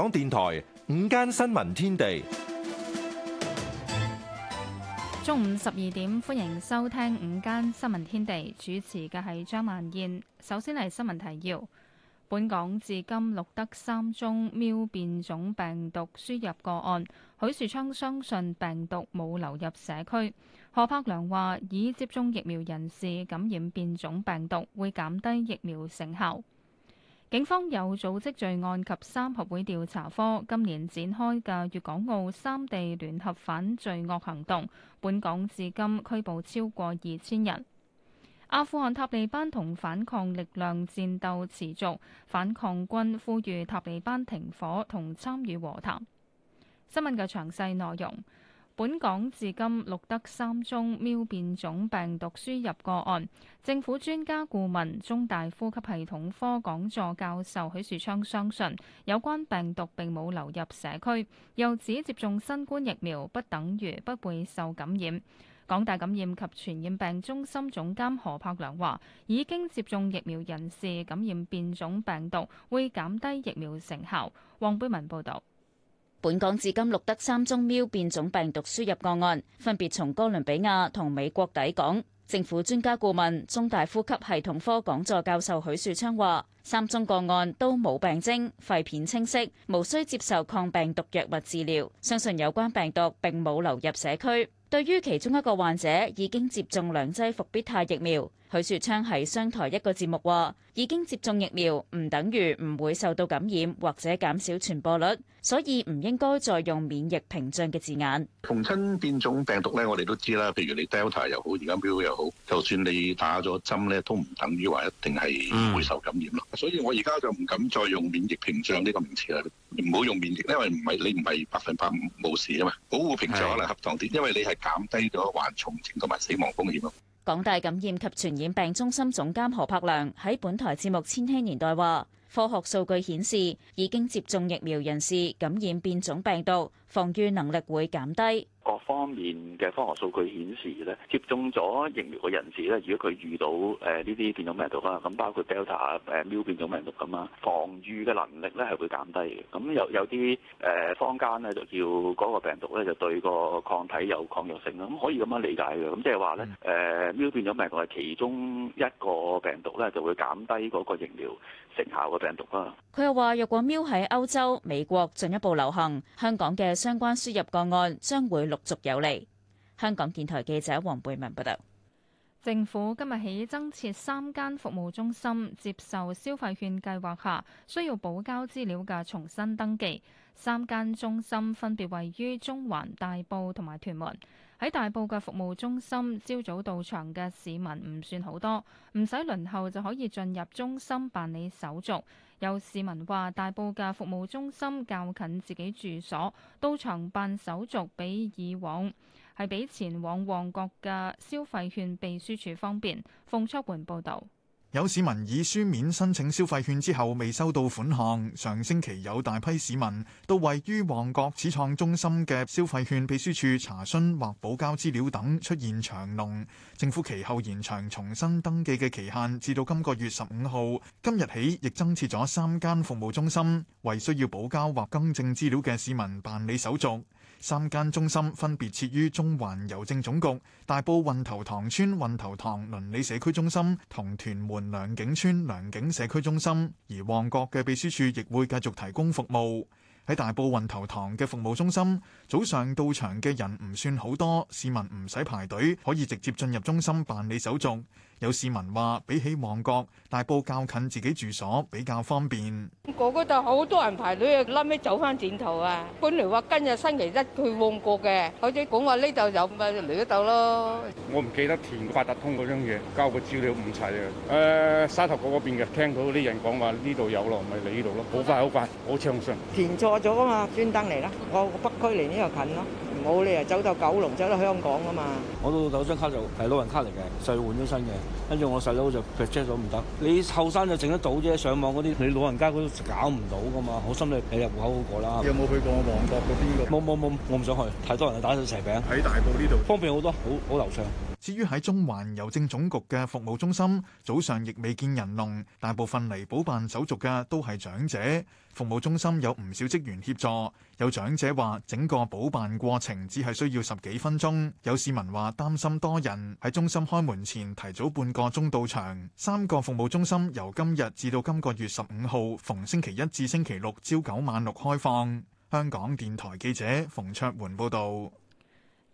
香港電台午間新聞天地，中午十二點歡迎收聽午間新聞天地，主持嘅係張曼燕。首先係新聞提要：本港至今錄得三宗 Mu 變種病毒輸入個案。許樹昌相信病毒冇流入社區。何柏良話，已接種疫苗人士感染變種病毒會減低疫苗成效。警方有組織罪案及三合會調查科今年展開嘅粵港澳三地聯合反罪惡行動，本港至今拘捕超過二千人。阿富汗塔利班同反抗力量戰鬥持續，反抗軍呼籲塔利班停火同參與和談。新聞嘅詳細內容。本港至今錄得三宗喵變種病毒輸入個案。政府專家顧問、中大呼吸系統科講座教授許樹昌相信，有關病毒並冇流入社區。又指接種新冠疫苗不等於不會受感染。港大感染及傳染病中心總監何柏良話：已經接種疫苗人士感染變種病毒會減低疫苗成效。黃貝文報導。本港至今錄得三宗喵變種病毒輸入個案，分別從哥倫比亞同美國抵港。政府專家顧問、中大呼吸系統科講座教授許樹昌話，三宗個案都冇病徵，肺片清晰，無需接受抗病毒藥物治療，相信有關病毒並冇流入社區。對於其中一個患者，已經接種兩劑復必泰疫苗。許樹昌喺商台一個節目話，已經接種疫苗唔等於唔會受到感染或者減少傳播率，所以唔應該再用免疫屏障嘅字眼。逢親變種病毒咧，我哋都知啦，譬如你 Delta 又好，而家 B.1 又好，就算你打咗針咧，都唔等於話一定係唔會受感染咯。Mm. 所以我而家就唔敢再用免疫屏障呢個名詞啦，唔好用免疫，因為唔係你唔係百分百冇事啊嘛。保護屏障可能恰當啲，因為你係減低咗患重症同埋死亡風險咯。港大感染及傳染病中心總監何柏良喺本台節目《千禧年代》話：科學數據顯示，已經接種疫苗人士感染變種病毒，防禦能力會減低。各方面嘅科學數據顯示咧，接種咗疫苗嘅人士咧，如果佢遇到誒呢啲變種病毒啦，咁包括 Delta 誒、啊、Mu 變種病毒咁啊，防禦嘅能力咧係會減低嘅。咁有有啲誒、呃、坊間咧就叫嗰個病毒咧就對個抗體有抗藥性啦。咁可以咁樣理解嘅。咁即係話咧誒 Mu 變種病毒係其中一個病毒咧就會減低嗰個疫苗。佢又話：若果喵喺歐洲、美國進一步流行，香港嘅相關輸入個案將會陸續有嚟。香港電台記者黃貝文報道。政府今日起增設三間服務中心，接受消費券計劃下需要補交資料嘅重新登記。三間中心分別位於中環、大埔同埋屯門。喺大埔嘅服務中心，朝早到場嘅市民唔算好多，唔使輪候就可以進入中心辦理手續。有市民話，大埔嘅服務中心較近自己住所，到場辦手續比以往係比前往旺角嘅消費券秘書處方便。馮卓桓報導。有市民以書面申請消費券之後未收到款項，上星期有大批市民到位於旺角始創中心嘅消費券秘書處查詢或補交資料等，出現長龍。政府其後延長重新登記嘅期限至到今個月十五號。今日起亦增設咗三間服務中心，為需要補交或更正資料嘅市民辦理手續。三間中心分別設於中環郵政總局、大埔運頭塘村運頭塘鄰里社區中心同屯門良景村良景社區中心，而旺角嘅秘書處亦會繼續提供服務。喺大埔運頭塘嘅服務中心，早上到場嘅人唔算好多，市民唔使排隊，可以直接進入中心辦理手續。有市民話：比起旺角，大埔較近自己住所，比較方便。嗰度就好多人排隊啊，臨尾走翻轉頭啊。本來話今日星期一去旺角嘅，佢哋講話呢度有咪嚟呢度咯。我唔記得填八達通嗰張嘢，交個資料唔齊啊。誒，沙頭角嗰邊嘅聽到啲人講話呢度有咯，咪嚟呢度咯。好快好快，好暢順。填錯咗啊嘛，專登嚟啦！我北區離呢度近咯，冇理由走到九龍，走到香港啊嘛！我老豆張卡就係老人卡嚟嘅，細換咗新嘅，跟住我細佬就嘗試咗唔得。你後生就整得到啫，上網嗰啲你老人家嗰啲搞唔到噶嘛！好心裏係入戶口好過啦。你有冇去過旺角嗰邊？冇冇冇，我唔想去，太多人打晒蛇餅。喺大埔呢度方便好多，好好流暢。至於喺中環郵政總局嘅服務中心，早上亦未見人龍，大部分嚟補辦手續嘅都係長者。服務中心有唔少職員協助，有長者話整個補辦過程只係需要十幾分鐘。有市民話擔心多人喺中心開門前提早半個鐘到場。三個服務中心由今日至到今個月十五號，逢星期一至星期六朝九晚六開放。香港電台記者馮卓桓報導。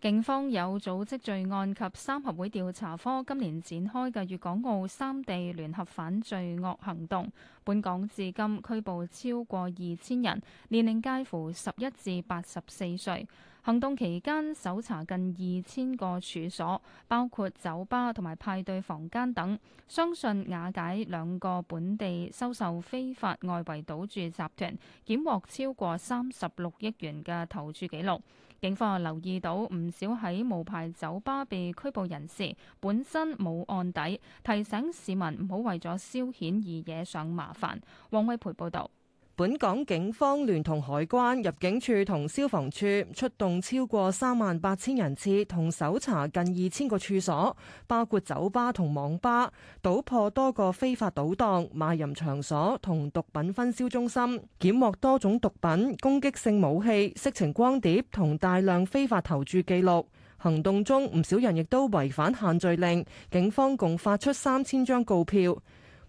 警方有組織罪案及三合會調查科今年展開嘅粵港澳三地聯合反罪惡行動，本港至今拘捕超過二千人，年齡介乎十一至八十四歲。行動期間搜查近二千個處所，包括酒吧同埋派對房間等。相信瓦解兩個本地收受非法外圍賭注集團，檢獲超過三十六億元嘅投注記錄。警方留意到唔少喺無牌酒吧被拘捕人士，本身冇案底，提醒市民唔好為咗消遣而惹上麻煩。黃偉培報導。本港警方聯同海關、入境處同消防處出動超過三萬八千人次，同搜查近二千個處所，包括酒吧同網吧，搗破多個非法賭檔、賣淫場所同毒品分銷中心，檢獲多種毒品、攻擊性武器、色情光碟同大量非法投注記錄。行動中唔少人亦都違反限聚令，警方共發出三千張告票。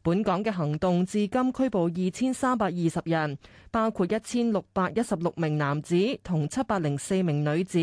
本港嘅行動至今拘捕二千三百二十人，包括一千六百一十六名男子同七百零四名女子，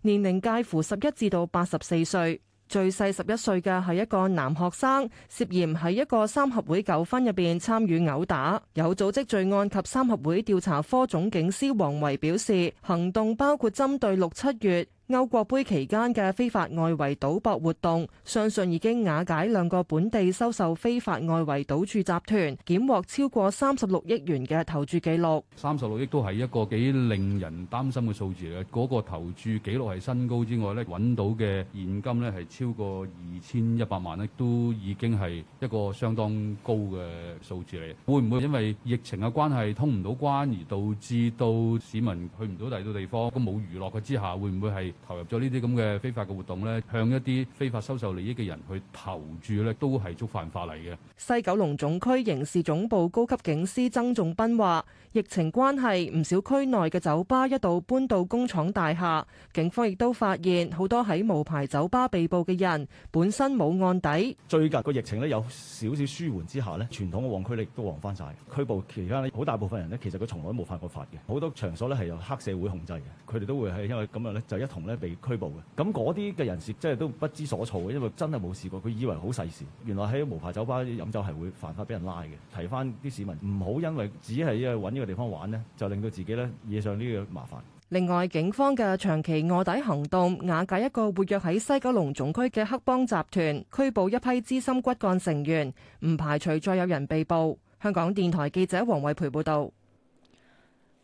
年齡介乎十一至到八十四歲，最細十一歲嘅係一個男學生，涉嫌喺一個三合會糾紛入邊參與毆打。有組織罪案及三合會調查科總警司黃維表示，行動包括針對六七月歐國杯期間嘅非法外圍賭博活動，相信已經瓦解兩個本地收受非法外圍賭注集團，檢獲超過三十六億元嘅投注記錄。三十六億都係一個幾令人擔心嘅數字嚟嘅。嗰個投注記錄係新高之外咧，揾到嘅現金咧係超過二千一百萬咧，都已經係一個相當高嘅數字嚟。會唔會因為疫情嘅關係通唔到關而導致到市民去唔到第二度地方？咁冇娛樂嘅之下，會唔會係？投入咗呢啲咁嘅非法嘅活動呢，向一啲非法收受利益嘅人去投注呢，都係觸犯法例嘅。西九龍總區刑事總部高級警司曾仲斌話：疫情關係，唔少區內嘅酒吧一度搬到工廠大廈，警方亦都發現好多喺無牌酒吧被捕嘅人本身冇案底。最近個疫情呢，有少少舒緩之下呢，傳統嘅旺區力都旺返晒。拘捕期間咧，好大部分人呢，其實佢從來冇犯過法嘅，好多場所呢，係由黑社會控制嘅，佢哋都會係因為咁樣呢，就一同。咧被拘捕嘅，咁嗰啲嘅人士真係都不知所措嘅，因為真係冇試過，佢以為好細事，原來喺無牌酒吧飲酒係會犯法，俾人拉嘅，提翻啲市民唔好因為只係因為搵呢個地方玩呢，就令到自己咧惹上呢個麻煩。另外，警方嘅長期臥底行動瓦解一個活躍喺西九龍總區嘅黑幫集團，拘捕一批資深骨幹成員，唔排除再有人被捕。香港電台記者黃慧培報道。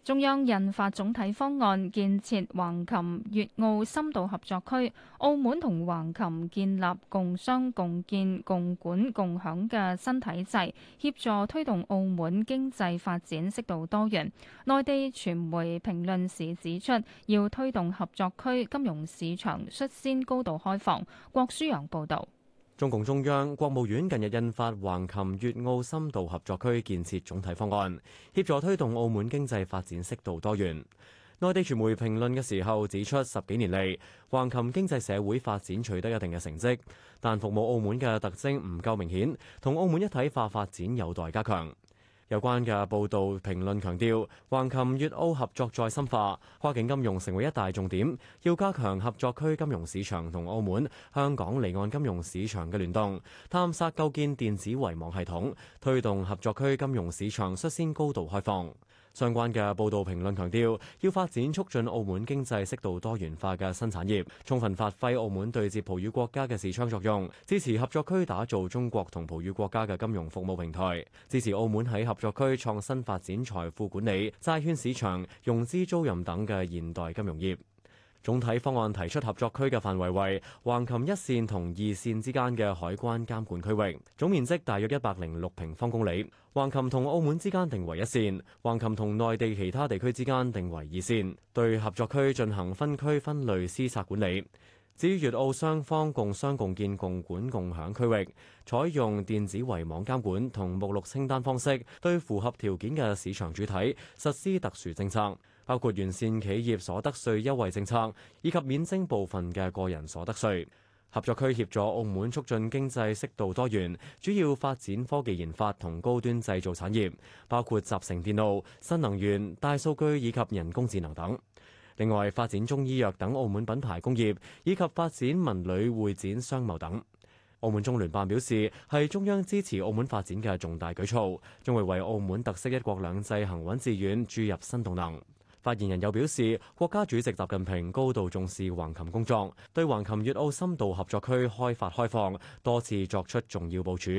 中央印發總體方案，建設橫琴粵澳深度合作區，澳門同橫琴建立共商共建共管共享嘅新體制，協助推動澳門經濟發展適度多元。內地傳媒評論時指出，要推動合作區金融市場率先高度開放。郭舒揚報道。中共中央國務院近日印發橫琴粵澳深度合作區建設總體方案，協助推動澳門經濟發展適度多元。內地傳媒評論嘅時候指出，十幾年嚟橫琴經濟社會發展取得一定嘅成績，但服務澳門嘅特徵唔夠明顯，同澳門一體化發展有待加強。有關嘅報道評論強調，橫琴粵澳合作再深化，跨境金融成為一大重點，要加強合作區金融市場同澳門、香港離岸金融市場嘅聯動，探索構建電子圍網系統，推動合作區金融市場率先高度開放。相關嘅報道評論強調，要發展促進澳門經濟適度多元化嘅新產業，充分發揮澳門對接葡語國家嘅視窗作用，支持合作區打造中國同葡語國家嘅金融服務平台，支持澳門喺合作區創新發展財富管理、債券市場、融資租賃等嘅現代金融業。總體方案提出合作區嘅範圍為橫琴一線同二線之間嘅海關監管區域，總面積大約一百零六平方公里。橫琴同澳門之間定為一線，橫琴同內地其他地區之間定為二線，對合作區進行分區分類施策管理。至於粵澳雙方共商共建共管共享區域，採用電子圍網監管同目錄清單方式，對符合條件嘅市場主體實施特殊政策。包括完善企業所得稅優惠政策，以及免徵部分嘅個人所得稅。合作區協助澳門促進經濟適度多元，主要發展科技研發同高端製造產業，包括集成電路、新能源、大數據以及人工智能等。另外，發展中醫藥等澳門品牌工業，以及發展文旅會展商貿等。澳門中聯辦表示，係中央支持澳門發展嘅重大舉措，將會為澳門特色一國兩制行穩致遠注入新動能。發言人又表示，國家主席習近平高度重視橫琴工作，對橫琴粵澳深度合作區開發開放多次作出重要部署。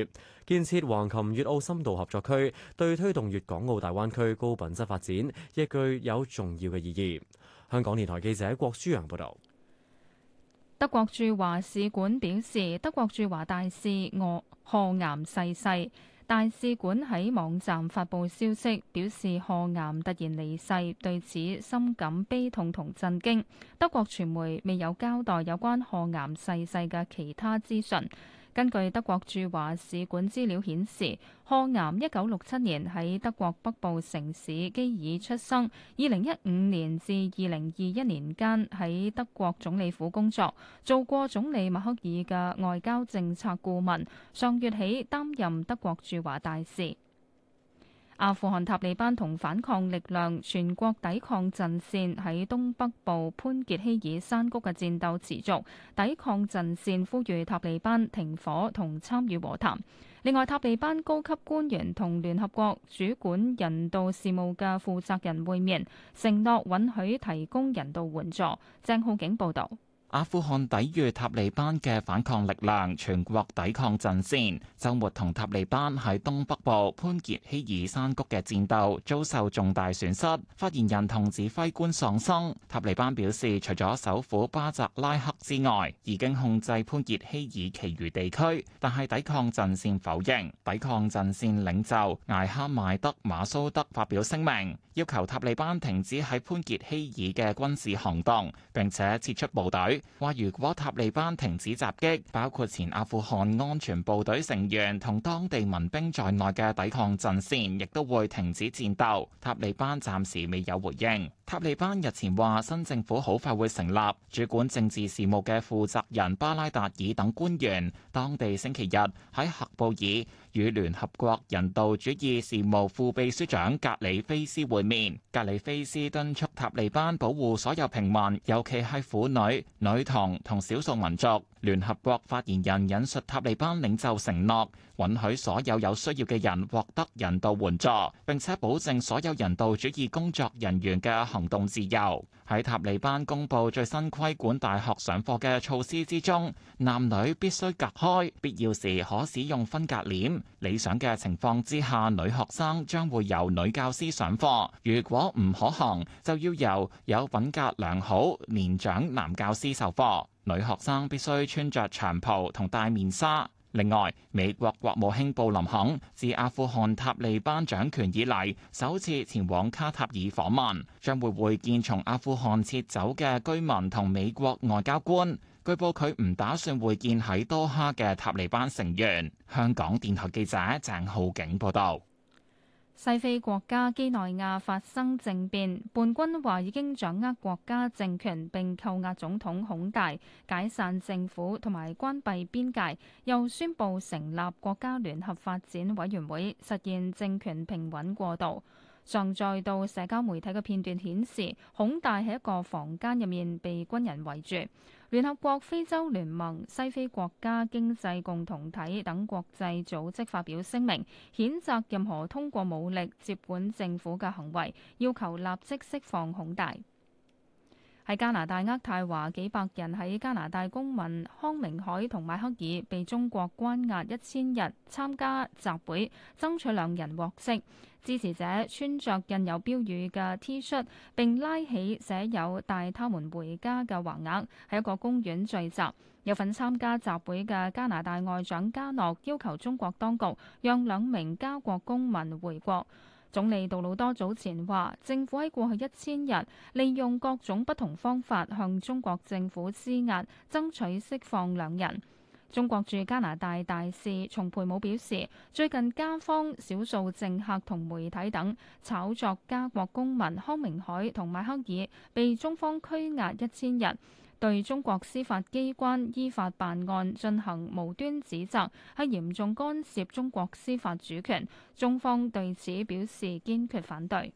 建設橫琴粵澳深度合作區，對推動粵港澳大灣區高品質發展，亦具有重要嘅意義。香港電台記者郭舒洋報道，德國駐華使館表示，德國駐華大使俄賀岩逝世。大使館喺網站發布消息，表示何岩突然離世，對此深感悲痛同震驚。德國傳媒未有交代有關何岩逝世嘅其他資訊。根據德國駐華使館資料顯示，賀岩一九六七年喺德國北部城市基爾出生。二零一五年至二零二一年間喺德國總理府工作，做過總理默克爾嘅外交政策顧問。上月起擔任德國駐華大使。阿富汗塔利班同反抗力量全國抵抗陣線喺東北部潘傑希爾山谷嘅戰鬥持續，抵抗陣線呼籲塔利班停火同參與和談，另外，塔利班高級官員同聯合國主管人道事務嘅負責人會面，承諾允許提供人道援助。鄭浩景報道。阿富汗抵禦塔利班嘅反抗力量全國抵抗陣線，周末同塔利班喺東北部潘傑希爾山谷嘅戰鬥遭受重大損失，發言人同指揮官喪生。塔利班表示，除咗首府巴扎拉克之外，已經控制潘傑希爾其餘地區，但係抵抗陣線否認。抵抗陣線領袖艾哈邁德馬蘇德發表聲明，要求塔利班停止喺潘傑希爾嘅軍事行動，並且撤出部隊。話如果塔利班停止襲擊，包括前阿富汗安全部隊成員同當地民兵在內嘅抵抗陣線，亦都會停止戰鬥。塔利班暫時未有回應。塔利班日前話新政府好快會成立，主管政治事務嘅負責人巴拉達爾等官員，當地星期日喺喀布爾與聯合國人道主義事務副秘書長格里菲斯會面，格里菲斯敦促塔利班保護所有平民，尤其係婦女、女童同少數民族。聯合國發言人引述塔利班領袖承諾，允許所有有需要嘅人獲得人道援助，並且保證所有人道主義工作人員嘅行動自由。喺塔利班公佈最新規管大學上課嘅措施之中，男女必須隔開，必要時可使用分隔簾。理想嘅情況之下，女學生將會由女教師上課，如果唔可行，就要由有品格良好、年長男教師授課。女學生必須穿着長袍同戴面紗。另外，美國國務卿布林肯自阿富汗塔利班掌權以嚟，首次前往卡塔爾訪問，將會會見從阿富汗撤走嘅居民同美國外交官。據報佢唔打算會見喺多哈嘅塔利班成員。香港電台記者鄭浩景報道。西非國家幾內亞發生政變，叛軍話已經掌握國家政權，並扣押總統孔戴，解散政府同埋關閉邊界，又宣布成立國家聯合發展委員會，實現政權平穩過渡。上載到社交媒體嘅片段顯示，孔大喺一個房間入面被軍人圍住。聯合國、非洲聯盟、西非國家經濟共同體等國際組織發表聲明，譴責任何通過武力接管政府嘅行為，要求立即釋放孔大。喺加拿大渥太華幾百人喺加拿大公民康明凱同邁克爾被中國關押一千日參加集會，爭取兩人獲釋。支持者穿着印有標語嘅 T 恤，shirt，並拉起寫有帶他們回家嘅橫額喺一個公園聚集。有份參加集會嘅加拿大外長加諾要求中國當局讓兩名加國公民回國。總理杜魯多早前話，政府喺過去一千日利用各種不同方法向中國政府施壓，爭取釋放兩人。中國駐加拿大大使叢培武表示，最近加方少數政客同媒體等炒作加國公民康明凱同麥克爾被中方拘押一千日。對中國司法機關依法辦案進行無端指責，係嚴重干涉中國司法主權，中方對此表示堅決反對。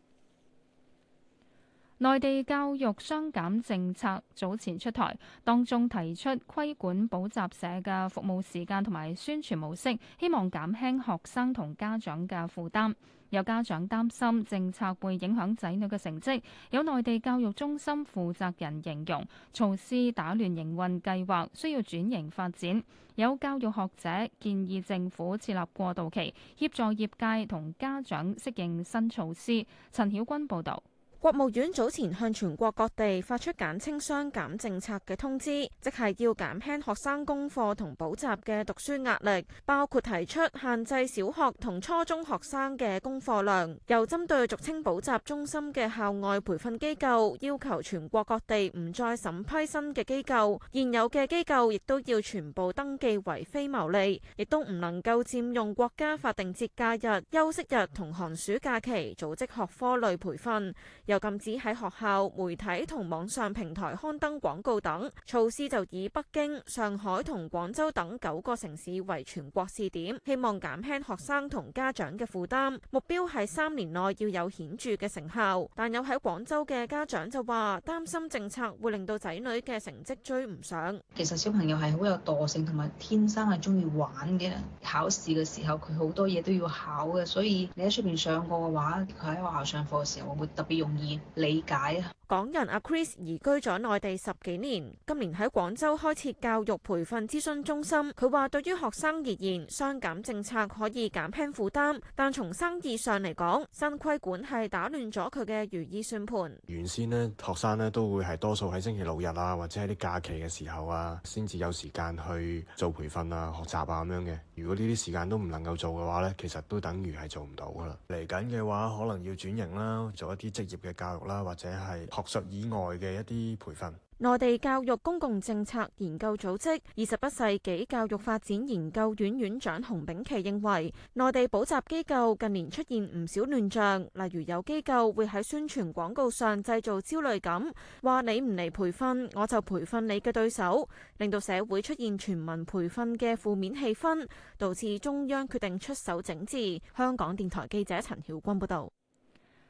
內地教育雙減政策早前出台，當中提出規管補習社嘅服務時間同埋宣傳模式，希望減輕學生同家長嘅負擔。有家長擔心政策會影響仔女嘅成績。有內地教育中心負責人形容措施打亂營運計劃，需要轉型發展。有教育學者建議政府設立過渡期，協助業界同家長適應新措施。陳曉君報導。國務院早前向全國各地發出簡稱“雙減”政策嘅通知，即係要減輕學生功課同補習嘅讀書壓力，包括提出限制小學同初中學生嘅功課量，又針對俗稱補習中心嘅校外培訓機構，要求全國各地唔再審批新嘅機構，現有嘅機構亦都要全部登記為非牟利，亦都唔能夠佔用國家法定節假日、休息日同寒暑假期組織學科類培訓。又禁止喺學校、媒體同網上平台刊登廣告等措施，就以北京、上海同廣州等九個城市為全國試點，希望減輕學生同家長嘅負擔。目標係三年內要有顯著嘅成效，但有喺廣州嘅家長就話擔心政策會令到仔女嘅成績追唔上。其實小朋友係好有惰性同埋天生係中意玩嘅，考試嘅時候佢好多嘢都要考嘅，所以你喺出邊上課嘅話，佢喺學校上課嘅時候會特別用。而理解啊。港人阿 Chris 移居咗內地十幾年，今年喺廣州開設教育培訓諮詢中心。佢話對於學生而言，雙減政策可以減輕負擔，但從生意上嚟講，新規管係打亂咗佢嘅如意算盤，原先咧，學生咧都會係多數喺星期六日啊，或者喺啲假期嘅時候啊，先至有時間去做培訓啊、學習啊咁樣嘅。如果呢啲時間都唔能夠做嘅話咧，其實都等於係做唔到噶啦。嚟緊嘅話可能要轉型啦，做一啲職業嘅教育啦，或者係。學術以外嘅一啲培訓。內地教育公共政策研究組織、二十一世紀教育發展研究院院長熊丙奇認為，內地補習機構近年出現唔少亂象，例如有機構會喺宣傳廣告上製造焦慮感，話你唔嚟培訓，我就培訓你嘅對手，令到社會出現全民培訓嘅負面氣氛，導致中央決定出手整治。香港電台記者陳曉君報道。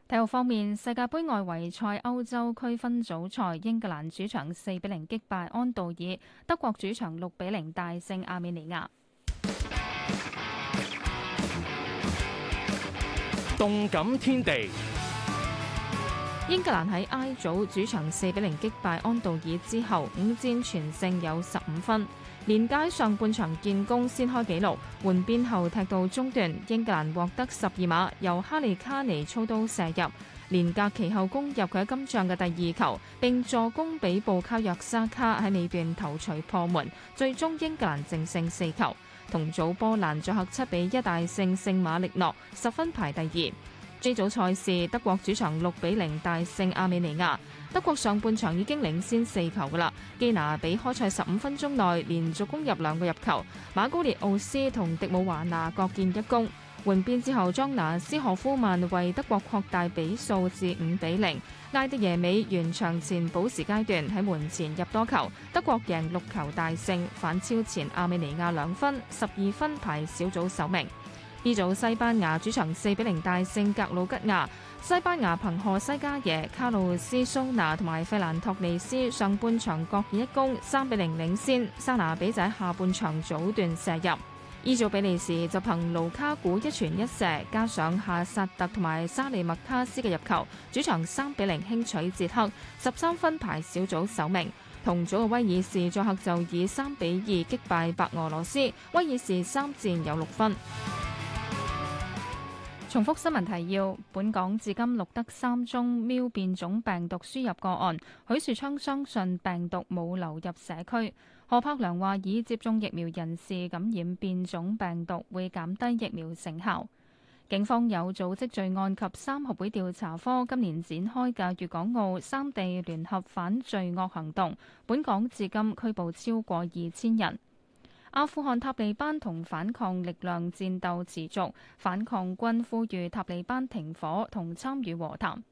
體育方面，世界杯外圍賽歐洲區分組賽，英格蘭主場四比零擊敗安道爾，德國主場六比零大勝亞美尼亞。動感天地，英格蘭喺 I 組主場四比零擊敗安道爾之後，五戰全勝有十五分。連加上半場，建功先開紀錄。換邊後踢到中段，英格蘭獲得十二碼，由哈利卡尼操刀射入，連隔其後攻入佢喺今場嘅第二球，並助攻比布卡約沙卡喺尾段頭槌破門，最終英格蘭淨勝四球。同組波蘭作客七比一大勝聖馬力諾，十分排第二。G 組賽事，德國主場六比零大勝阿美尼亞。德國上半場已經領先四球噶啦，基拿比開賽十五分鐘內連續攻入兩個入球，馬高列奧斯同迪姆華納各建一功。換邊之後，莊拿斯何夫曼為德國擴大比數至五比零。拉迪耶美完場前補時階段喺門前入多球，德國贏六球大勝，反超前阿美尼亞兩分，十二分排小組首名。依組西班牙主場四比零大勝格魯吉亞，西班牙憑賀西加耶、卡路斯蘇拿同埋費蘭托尼斯上半場各建一攻，三比零領先。沙拿比仔下半場早段射入。依組比利時就憑盧卡古一傳一射，加上夏薩特同埋沙利麥卡斯嘅入球，主場三比零輕取捷克，十三分排小組首名。同組嘅威爾士作客就以三比二擊敗白俄羅斯，威爾士三戰有六分。重複新聞提要：本港至今錄得三宗喵變種病毒輸入個案。許樹昌相信病毒冇流入社區。何柏良話：已接種疫苗人士感染變種病毒會減低疫苗成效。警方有組織罪案及三合會調查科今年展開嘅粵港澳三地聯合反罪惡行動，本港至今拘捕超過二千人。阿富汗塔利班同反抗力量戰鬥持續，反抗軍呼籲塔利班停火同參與和談。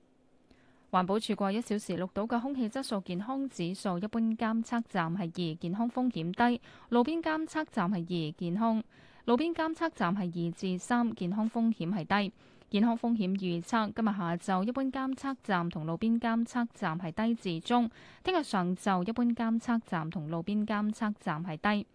環保署過一小時錄到嘅空氣質素健康指數，一般監測站係二，健康風險低；路邊監測站係二，健康；路邊監測站係二至三，3，健康風險係低。健康風險預測今日下晝一般監測站同路邊監測站係低至中，聽日上晝一般監測站同路邊監測站係低。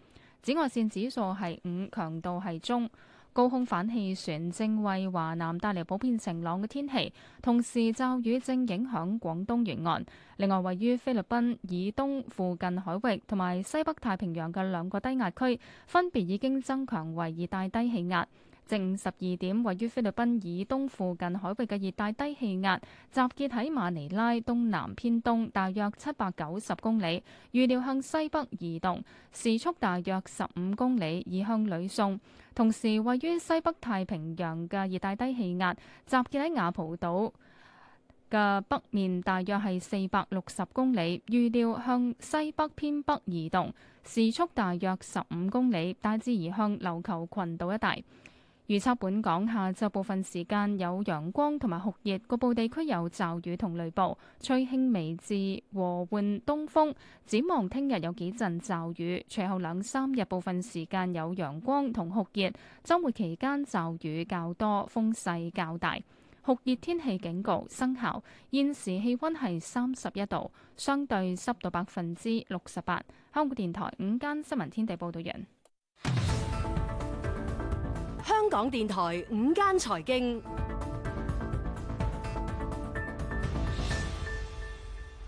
紫外線指數係五，強度係中。高空反氣旋正為華南帶來普遍晴朗嘅天氣，同時驟雨正影響廣東沿岸。另外，位於菲律賓以東附近海域同埋西北太平洋嘅兩個低壓區，分別已經增強為熱帶低氣壓。正十二點，位於菲律賓以東附近海域嘅熱帶低氣壓，集結喺馬尼拉東南偏東，大約七百九十公里，預料向西北移動，時速大約十五公里，移向呂宋。同時，位於西北太平洋嘅熱帶低氣壓，集結喺雅蒲島嘅北面，大約係四百六十公里，預料向西北偏北移動，時速大約十五公里，大致移向琉球群島一帶。預測本港下晝部分時間有陽光同埋酷熱，局部地區有驟雨同雷暴，吹輕微至和緩東風。展望聽日有幾陣驟雨，隨後兩三日部分時間有陽光同酷熱。周末期間驟雨較多，風勢較大。酷熱天氣警告生效。現時氣溫係三十一度，相對濕度百分之六十八。香港電台午間新聞天地報道人。香港電台午間財經，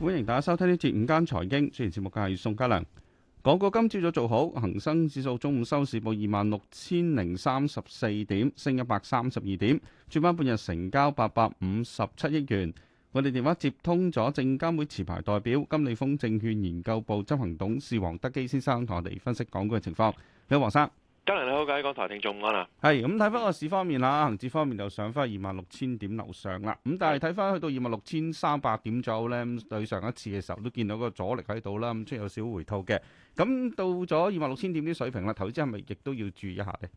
歡迎大家收聽呢節午間財經。主持節目嘅係宋嘉良。港股今朝早做好，恒生指數中午收市報二萬六千零三十四點，升一百三十二點。主板半日成交八百五十七億元。我哋電話接通咗證監會持牌代表金利豐證券研究部執行董事黃德基先生，同我哋分析港股嘅情況。你好，黃生。今日你好，各位港台聽眾午安啦。係咁睇翻個市方面啦，恒指方面就上翻二萬六千點樓上啦。咁但係睇翻去到二萬六千三百點左右咧，咁、嗯、對上一次嘅時候都見到個阻力喺度啦。咁即係有少少回吐嘅。咁、嗯、到咗二萬六千點啲水平啦，投資係咪亦都要注意一下咧？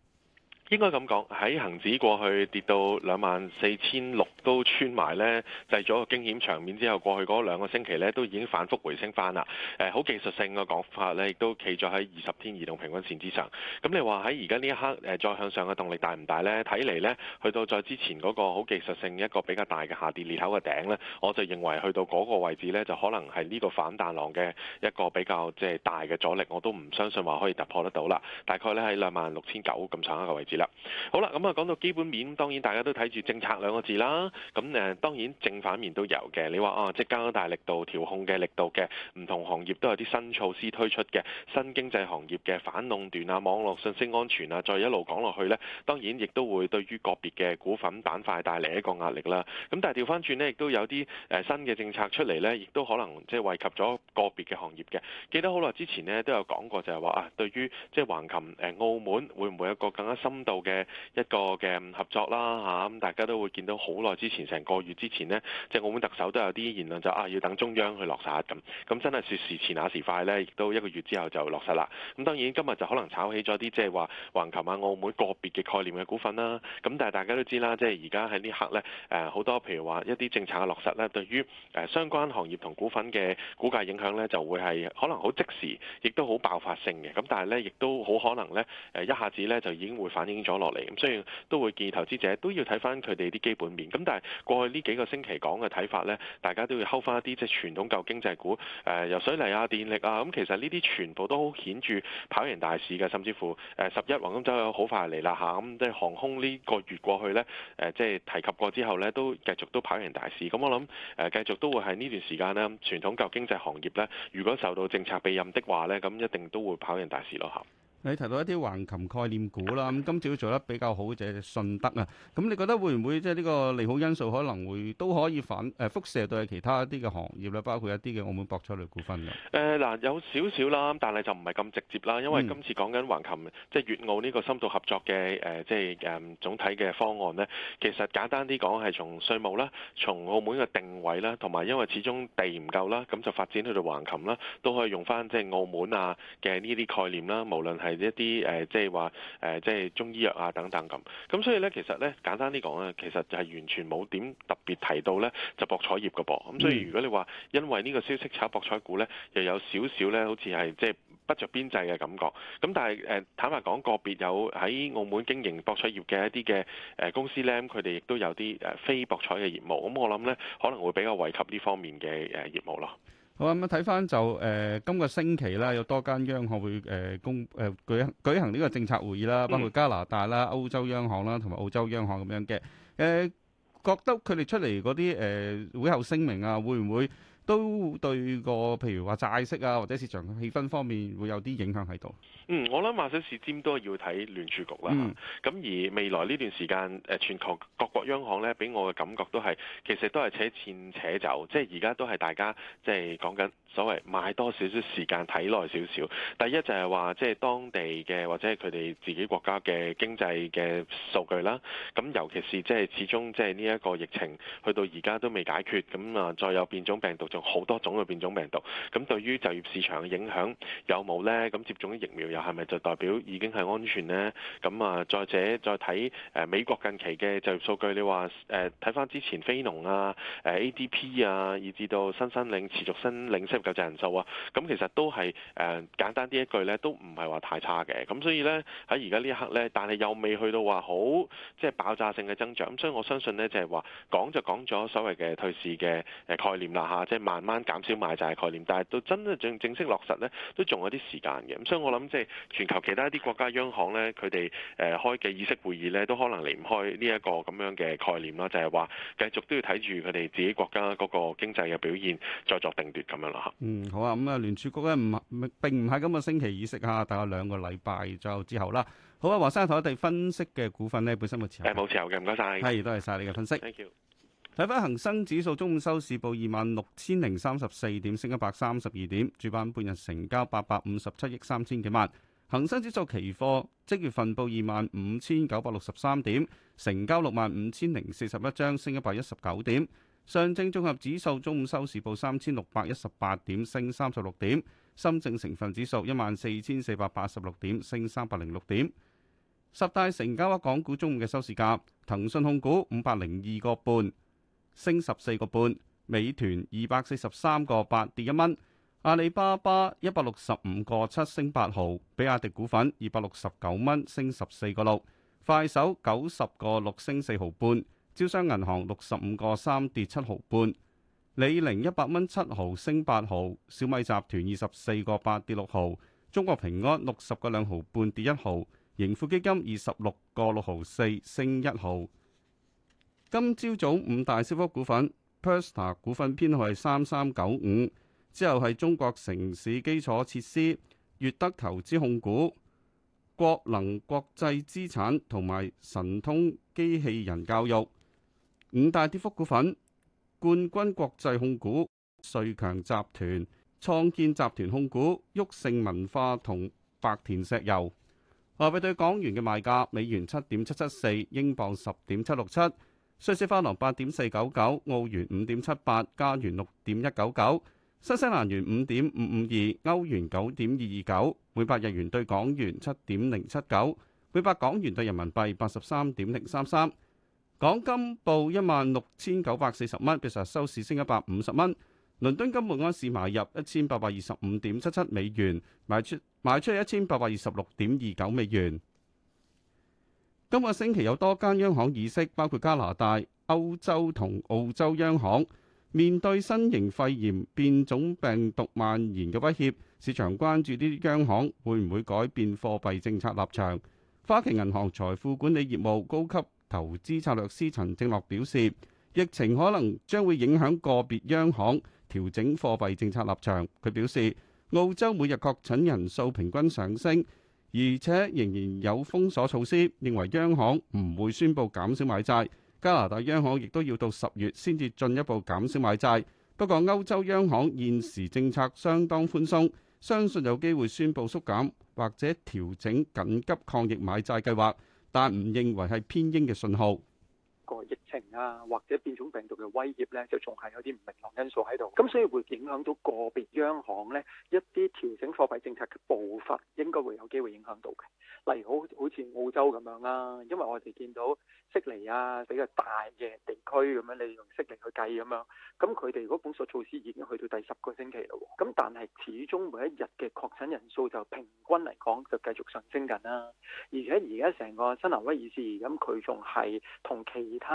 應該咁講，喺恒指過去跌到兩萬四千六都穿埋呢，製咗個驚險場面之後，過去嗰兩個星期呢，都已經反覆回升翻啦。誒，好技術性嘅講法呢，亦都企咗喺二十天移動平均線之上。咁你話喺而家呢一刻誒，再向上嘅動力大唔大呢？睇嚟呢，去到再之前嗰個好技術性一個比較大嘅下跌裂口嘅頂呢，我就認為去到嗰個位置呢，就可能係呢個反彈浪嘅一個比較即係大嘅阻力，我都唔相信話可以突破得到啦。大概呢喺兩萬六千九咁上下嘅位置。啦，好啦，咁、嗯、啊，講到基本面，當然大家都睇住政策兩個字啦。咁、嗯、誒，當然正反面都有嘅。你話啊，即加大力度調控嘅力度嘅，唔同行業都有啲新措施推出嘅，新經濟行業嘅反壟斷啊，網絡信息安全啊，再一路講落去呢，當然亦都會對於個別嘅股份板塊帶嚟一個壓力啦。咁、啊、但係調翻轉呢，亦都有啲誒新嘅政策出嚟呢，亦都可能即係惠及咗個別嘅行業嘅。記得好耐之前呢都有講過就，就係話啊，對於即係橫琴誒澳門會唔會有一個更加深、深度嘅一個嘅合作啦吓，咁、啊、大家都會見到好耐之前，成個月之前咧，即、就、係、是、澳門特首都有啲言論就啊，要等中央去落實咁。咁真係說時遲那、啊、時快咧，亦都一個月之後就落實啦。咁當然今日就可能炒起咗啲即係話橫琴啊、就是、澳門個別嘅概念嘅股份啦。咁但係大家都知啦，即係而家喺呢刻咧誒好多譬如話一啲政策嘅落實咧，對於誒相關行業同股份嘅股價影響咧，就會係可能好即時亦都好爆發性嘅。咁但係咧，亦都好可能咧誒一下子咧就已經會反映。咗落嚟，咁所以都會建議投資者都要睇翻佢哋啲基本面。咁但係過去呢幾個星期講嘅睇法呢，大家都會睺翻一啲即係傳統舊經濟股，誒、呃、油水泥啊、電力啊，咁、嗯、其實呢啲全部都顯著跑贏大市嘅，甚至乎誒十一黃金週好快嚟啦嚇，咁、嗯、即係航空呢個月過去呢，誒、呃、即係提及過之後呢，都繼續都跑贏大市。咁、嗯、我諗誒繼續都會係呢段時間咧，傳統舊經濟行業呢，如果受到政策庇蔭的話呢，咁一定都會跑贏大市咯。你提到一啲橫琴概念股啦，咁今次做得比較好就係信德啊。咁你覺得會唔會即係呢個利好因素可能會都可以反誒輻射到喺其他一啲嘅行業咧？包括一啲嘅澳門博彩類股份咧？誒嗱，有少少啦，但係就唔係咁直接啦，因為今次講緊橫琴即係粵澳呢個深度合作嘅誒，即係誒總體嘅方案咧。其實簡單啲講係從稅務啦，從澳門嘅定位啦，同埋因為始終地唔夠啦，咁就發展去到橫琴啦，都可以用翻即係澳門啊嘅呢啲概念啦，無論係。一啲誒、呃，即係話誒，即係中醫藥啊，等等咁。咁所以咧，其實咧，簡單啲講咧，其實就係完全冇點特別提到咧，就是、博彩業㗎噃。咁所以如果你話因為呢個消息炒博彩股咧，又有少少咧，好似係即係不着邊際嘅感覺。咁但係誒、呃，坦白講，個別有喺澳門經營博彩業嘅一啲嘅誒公司咧，佢哋亦都有啲誒非博彩嘅業務。咁我諗咧，可能會比較惠及呢方面嘅誒業務咯。好，咁睇翻就誒、呃，今個星期啦，有、呃、多間央行會誒、呃、公誒、呃、舉舉行呢個政策會議啦，包括加拿大啦、歐洲央行啦同埋澳洲央行咁樣嘅。誒、呃、覺得佢哋出嚟嗰啲誒會後聲明啊，會唔會都對個譬如話債息啊或者市場氣氛方面會有啲影響喺度？嗯，我諗馬首是瞻都要睇聯儲局啦。咁、嗯、而未來呢段時間誒全球各國央行咧，俾我嘅感覺都係其實都係扯線扯走，即係而家都係大家即係講緊所謂買多少少時間睇耐少少。第一就係話即係當地嘅或者係佢哋自己國家嘅經濟嘅數據啦。咁尤其是即係始終即係呢一個疫情去到而家都未解決，咁啊再有變種病毒，仲好多種嘅變種病毒。咁對於就業市場嘅影響有冇咧？咁接種疫苗，又係咪就代表已經係安全呢？咁啊，再者再睇誒美國近期嘅就業數據，你話誒睇翻之前非農啊、誒 ADP 啊，以至到新申領持續申領失業救濟人數啊，咁其實都係誒、呃、簡單啲一句咧，都唔係話太差嘅。咁所以咧喺而家呢一刻咧，但係又未去到話好即係爆炸性嘅增長。咁所以我相信呢，就係話講就講咗所謂嘅退市嘅誒概念啦嚇，即係慢慢減少買債概念。但係到真係正正式落實咧，都仲有啲時間嘅。咁所以我諗即係。全球其他一啲國家央行咧，佢哋誒開嘅議息會議咧，都可能離唔開呢一個咁樣嘅概念啦，就係話繼續都要睇住佢哋自己國家嗰個經濟嘅表現，再作定奪咁樣啦。嚇，嗯，好啊，咁，嗯，啊聯儲局咧唔，並唔係今個星期議息啊，大概兩個禮拜之後之後啦。好啊，黃生同我哋分析嘅股份呢，本身嘅持有誒冇持有嘅，唔該晒。係多謝晒你嘅分析。Thank you. 睇翻恒生指數，中午收市報二萬六千零三十四點，升一百三十二點。主板半日成交八百五十七億三千幾萬。恒生指數期貨即月份報二萬五千九百六十三點，成交六萬五千零四十一張，升一百一十九點。上證綜合指數中午收市報三千六百一十八點，升三十六點。深證成分指數一萬四千四百八十六點，升三百零六點。十大成交額港股中午嘅收市價，騰訊控股五百零二個半。升十四個半，美團二百四十三個八，跌一蚊，阿里巴巴一百六十五個七，升八毫，比亞迪股份二百六十九蚊，升十四個六，快手九十個六，升四毫半，招商銀行六十五個三，跌七毫半，李寧一百蚊七毫，升八毫，小米集團二十四個八，跌六毫，中國平安六十個兩毫半，跌一毫，盈富基金二十六個六毫四，升一毫。今朝早五大升幅股份 Pesta 股份編號係三三九五，之後係中國城市基礎設施、粵德投資控股、國能國際資產同埋神通機器人教育五大跌幅股份，冠軍國際控股、瑞強集團、創建集團控股、旭盛文化同白田石油。外幣對港元嘅賣價，美元七點七七四，英鎊十點七六七。瑞士法郎八點四九九，澳元五點七八，加元六點一九九，新西蘭元五點五五二，歐元九點二二九，每百日元對港元七點零七九，每百港元對人民幣八十三點零三三。港金報一萬六千九百四十蚊，其實收市升一百五十蚊。倫敦金每安士買入一千八百二十五點七七美元，賣出賣出一千八百二十六點二九美元。今個星期有多間央行議息，包括加拿大、歐洲同澳洲央行，面對新型肺炎變種病毒蔓延嘅威脅，市場關注呢啲央行會唔會改變貨幣政策立場。花旗銀行財富管理業務高級投資策略師陳正樂表示，疫情可能將會影響個別央行，調整貨幣政策立場。佢表示，澳洲每日確診人數平均上升。而且仍然有封鎖措施，認為央行唔會宣布減少買債。加拿大央行亦都要到十月先至進一步減少買債。不過歐洲央行現時政策相當寬鬆，相信有機會宣布縮減或者調整緊急抗疫買債計劃，但唔認為係偏鷹嘅信號。疫情啊，或者變種病毒嘅威脅咧，就仲係有啲唔明朗因素喺度，咁所以會影響到個別央行咧一啲調整貨幣政策嘅步伐，應該會有機會影響到嘅。例如好好似澳洲咁樣啦、啊，因為我哋見到悉尼啊比較大嘅地區咁樣，你用悉尼去計咁樣，咁佢哋嗰封鎖措施已經去到第十個星期啦、啊。咁但係始終每一日嘅確診人數就平均嚟講就繼續上升緊、啊、啦。而且而家成個新南威爾士咁，佢仲係同其他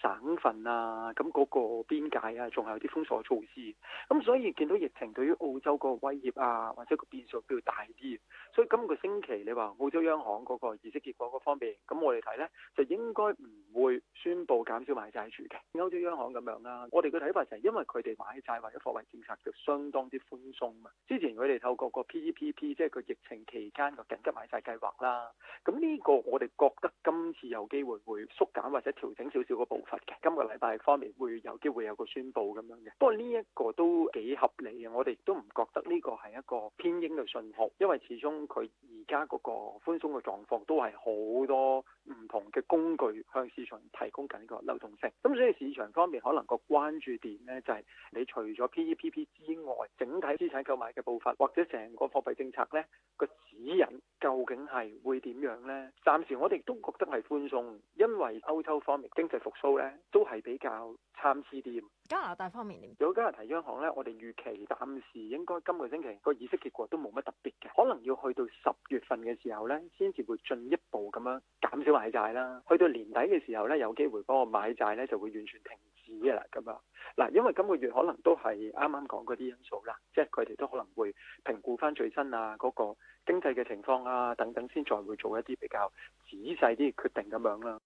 省份啊，咁嗰個邊界啊，仲係有啲封鎖措施，咁所以見到疫情對於澳洲個威脅啊，或者個變數比較大啲，所以今個星期你話澳洲央行嗰個議息結果嗰方面，咁我哋睇呢，就應該唔會宣布減少買債住嘅。歐洲央行咁樣啦、啊，我哋嘅睇法就係因為佢哋買債或者貨幣政策就相當之寬鬆啊。之前佢哋透過個 PEPP 即係個疫情期間個緊急買債計劃啦，咁呢個我哋覺得今次有機會會縮減或者調整少少個部分。今個禮拜方面會有機會有個宣佈咁樣嘅。不過呢一個都幾合理嘅，我哋都唔覺得呢個係一個偏鷹嘅信號，因為始終佢而家嗰個寬鬆嘅狀況都係好多唔同嘅工具向市場提供緊個流動性。咁所以市場方面可能個關注點呢，就係，你除咗 PEPP 之外，整體資產購買嘅步伐或者成個貨幣政策呢個指引究竟係會點樣呢？暫時我哋都覺得係寬鬆。因為歐洲方面經濟復甦咧，都係比較參差啲。加拿大方面點？如果加拿大央行咧，我哋預期暫時應該今個星期個議息結果都冇乜特別嘅，可能要去到十月份嘅時候咧，先至會進一步咁樣減少買債啦。去到年底嘅時候咧，有機會幫我買債咧，就會完全停止嘅啦。咁啊，嗱，因為今個月可能都係啱啱講嗰啲因素啦，即係佢哋都可能會評估翻最新啊嗰個經濟嘅情況啊等等，先再會做一啲比較仔細啲決定咁樣啦。